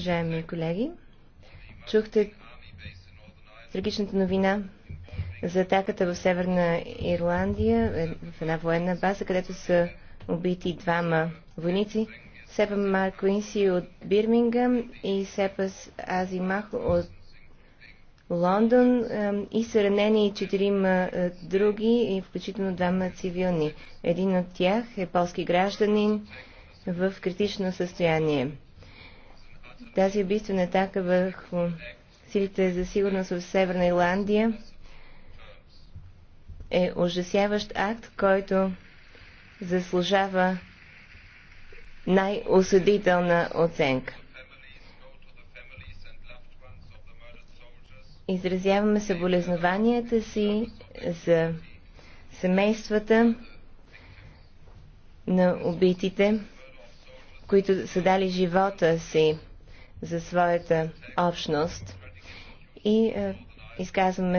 Уважаеми колеги, чухте трагичната новина за атаката в Северна Ирландия, е, в една военна база, където са убити двама войници. Сепа Марк Куинси от Бирмингъм и Сепас Азимах от Лондон и са ранени четирима е, други, и включително двама цивилни. Един от тях е полски гражданин в критично състояние. Тази убийствена атака върху силите за сигурност в Северна Ирландия е ужасяващ акт, който заслужава най-осъдителна оценка. Изразяваме съболезнованията си за семействата на убитите, които са дали живота си за своята общност и е, изказваме